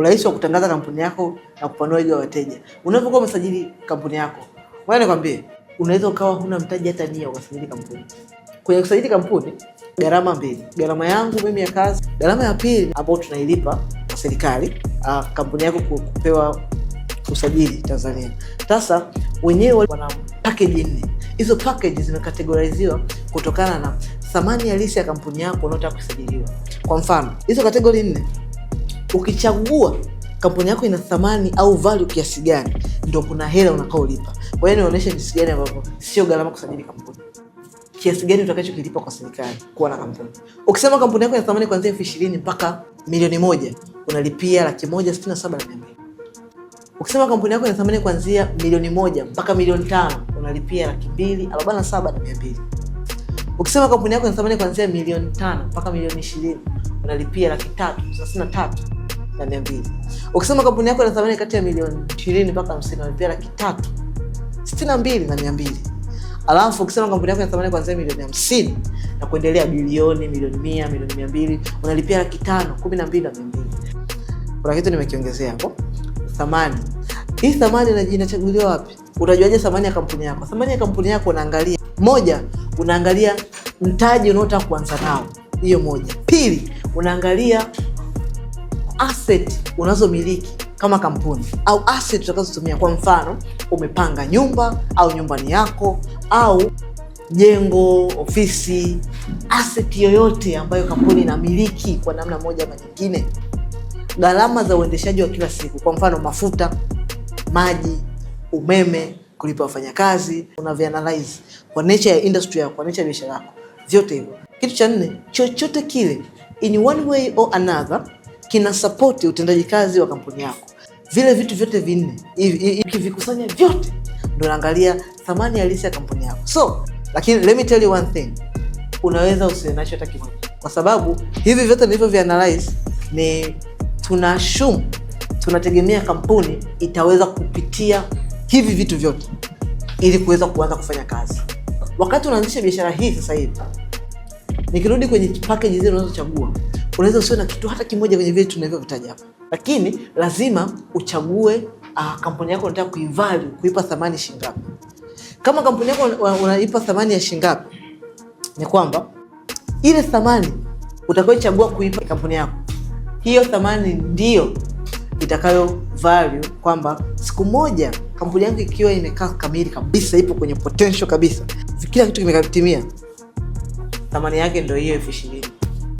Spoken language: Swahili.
urahisi wa kutangaza kampuni yako na kupanua wigo wa wateja. Unapokuwa umesajili kampuni yako, ngoja nikwambie, unaweza ukawa huna mtaji hata mia ukasajili kampuni. Kwenye kusajili kampuni gharama mbili, gharama yangu mimi ya kazi, gharama ya pili ambayo tunailipa serikali uh, kampuni yako kupewa usajili Tanzania. Sasa wenyewe wana package nne. Hizo package zimekategoriziwa kutokana na thamani halisi ya kampuni yako unaotaka kusajiliwa. Kwa mfano, hizo kategori nne Ukichagua kampuni yako ina thamani au value kiasi gani, ndio kuna hela utakaolipa. Kwa hiyo nionyeshe jinsi gani ambavyo sio gharama kusajili kampuni, kiasi gani utakachokilipa kwa serikali kuwa na kampuni. Ukisema kampuni yako ina thamani kuanzia elfu ishirini mpaka milioni moja unalipia laki moja sitini na saba na mia mbili. Ukisema kampuni yako ina thamani kuanzia milioni moja mpaka milioni tano unalipia laki mbili arobaini na saba na mia mbili. Ukisema kampuni yako ina thamani kuanzia milioni tano mpaka milioni ishirini unalipia laki tatu thelathini na tatu na mia mbili. Ukisema kampuni yako ina thamani kati ya milioni ishirini mpaka hamsini unalipia laki tatu sitini na mbili na mia mbili. Alafu ukisema kampuni yako ina thamani kuanzia milioni hamsini na kuendelea, bilioni, milioni mia, milioni mia mbili, unalipia laki tano kumi na mbili na mia mbili. Kuna kitu nimekiongezea hapo, thamani hii. Thamani inachaguliwa wapi? Unajuaje thamani ya kampuni yako? Thamani ya kampuni yako unaangalia, moja, unaangalia mtaji unaotaka kuanza nao, hiyo moja. Pili, unaangalia asset unazomiliki kama kampuni au asset utakazotumia. Kwa mfano, umepanga nyumba au nyumbani yako au jengo, ofisi, asset yoyote ambayo kampuni inamiliki kwa namna moja ama nyingine. Gharama za uendeshaji wa kila siku, kwa mfano, mafuta, maji, umeme, kulipa wafanyakazi, unavyoanalyze kwa nature ya industry yako, kwa nature ya biashara yako, vyote hivyo. Kitu cha nne, chochote kile in one way or another kinasapoti utendaji kazi wa kampuni yako. Vile vitu vyote vinne ikivikusanya vyote, ndo naangalia thamani halisi ya kampuni yako. So lakini let me tell you one thing, unaweza usiwe nacho hata kimoja, kwa sababu hivi vyote analyze ni tuna tunategemea kampuni itaweza kupitia hivi vitu vyote ili kuweza kuanza kufanya kazi. Wakati unaanzisha biashara hii sasa hivi, nikirudi kwenye package zile unazochagua unaweza usiwe na kitu hata kimoja kwenye vile tunavyovitaja hapa, lakini lazima uchague uh, kampuni yako unataka kuivali kuipa thamani shingapi. Kama kampuni yako unaipa thamani ya shingapi, ni kwamba ile thamani utakayochagua kuipa kampuni yako, hiyo thamani ndiyo itakayo value kwamba siku moja kampuni yangu ikiwa imekaa kamili kabisa, ipo kwenye potential kabisa, kila kitu kimekatimia, thamani yake ndio hiyo elfu ishirini.